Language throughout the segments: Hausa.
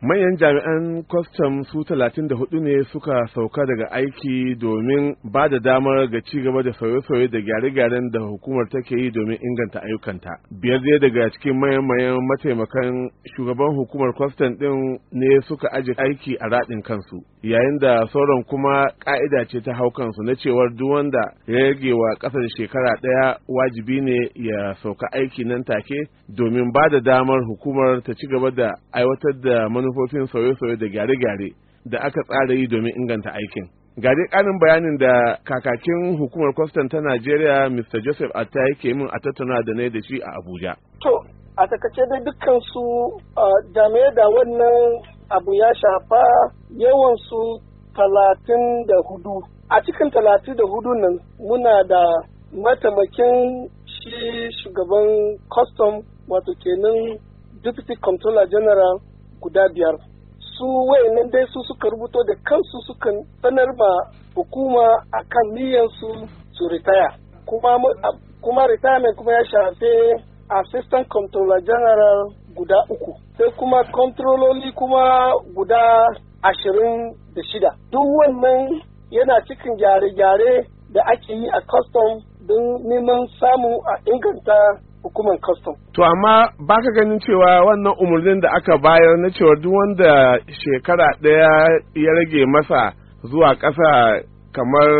manyan jami'an kwastam su 34 ne suka sauka daga aiki domin ba da damar ga ci gaba da sauye-sauye da gyare-gyaren da hukumar take yi domin inganta ayyukanta biyar dai daga cikin mayan-mayan mataimakan shugaban hukumar kwastam din ne suka aje aiki a raɗin kansu yayin da sauran kuma ƙa'ida ce ta hau kansu na cewar duk wanda ya rage wa ƙasar shekara ɗaya wajibi ne ya sauka aiki nan take domin ba da damar hukumar ta ci gaba da aiwatar da manu manufofin sauye-sauye da gyare-gyare da aka tsara yi domin inganta aikin. gare ƙarin bayanin da kakakin hukumar kwastan ta najeriya mr joseph atta yake min a tattauna da na da shi a abuja to a takace dai dukkan su game da wannan abu ya shafa yawan su talatin da hudu a cikin talatin da hudu nan muna da mataimakin shi shugaban kwastam wato kenan deputy comptroller general guda biyar su wayannan dai su suka rubuto da kansu suka sanar ma hukuma a kan niyyansu su ritaya kuma, kuma retirement kuma ya shafe assistant controller general guda uku sai kuma kontrololi kuma guda ashirin da shida duk wannan yana cikin gyare-gyare da ake yi a custom don neman samu a inganta hukumar custom. To amma baka ganin cewa wannan umarnin da aka bayar na cewa duk wanda shekara ɗaya ya rage masa zuwa ƙasa kamar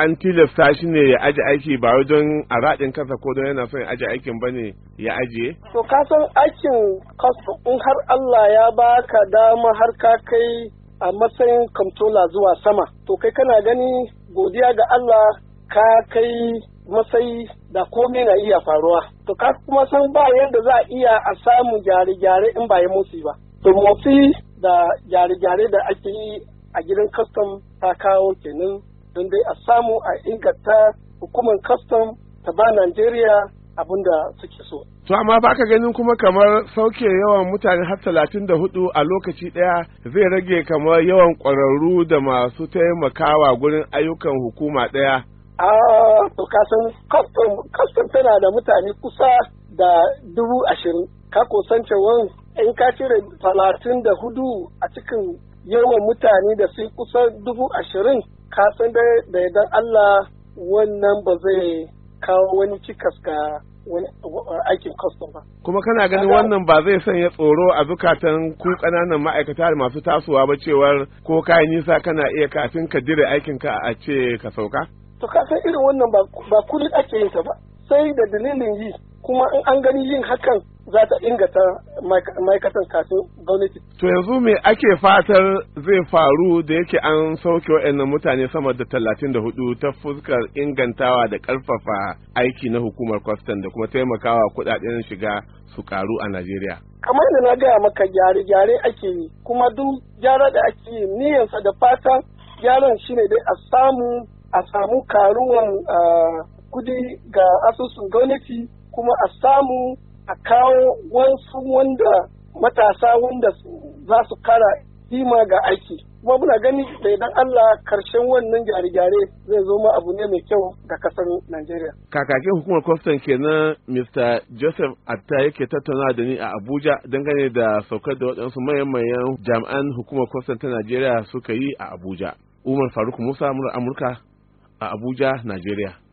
an tilasta shi ne ya aji aiki ba wajen a raɗin kasa ko don yana son ya aji aikin ba ne ya ajiye? To ka san aikin custom in har Allah ya baka dama har ka kai a matsayin kamtola zuwa sama. To kai kana gani godiya ga Allah ka kai kuma sai da komai na iya faruwa to ka kuma san ba yadda za a iya a samu gyare-gyare in ba ya motsi ba to motsi da gyare-gyare da ake yi a gidan kastam ta kawo kenan don dai a samu a inganta hukumar kastam ta ba Najeriya abin da suke so. To amma baka ganin kuma kamar sauke yawan mutane har talatin da hudu a lokaci ɗaya zai rage kamar yawan kwararru da masu taimakawa gurin ayyukan hukuma ɗaya a to kasan tana da mutane kusa da dubu ashirin ka san in ka cire talatin da hudu a cikin yawan mutane da su kusan dubu ashirin ka san da idan Allah wannan ba zai kawo wani cikas ga aikin custom ba. Kuma kana ganin wannan ba zai sanya tsoro a zukatan ku ƙananan ma'aikata da masu tasowa ba cewar ko kayan nisa kana iya kafin ka dire aikinka a ce ka sauka? to ka san irin wannan ba kullum ake yin ta ba sai da dalilin yi kuma in an gani yin hakan za ta inganta ma'aikatan kafin gwamnati. To yanzu me ake fatar zai faru da yake an sauke waɗannan mutane sama da talatin da hudu ta fuskar ingantawa da karfafa aiki na hukumar kwastan da kuma taimakawa kuɗaɗen shiga su karu a Najeriya. Kamar da na gaya maka gyare-gyare ake yi kuma duk gyara da ake yi niyyarsa da fatan gyaran shine dai a samu a samu karuwan kudi ga asusun gwamnati kuma a samu a kawo wasu wanda matasa wanda za su kara sima ga aiki kuma muna gani da idan Allah karshen wannan gyare-gyare zai zo ma abu ne mai kyau ga kasar Najeriya. Kakakin hukumar kwastan kenan Mr. Joseph Atta yake tattauna da ni a Abuja dangane da saukar da waɗansu mayan jami'an hukumar kwastan ta Najeriya suka yi a Abuja. Umar Faruk Musa Amurka a Abuja, Najeriya.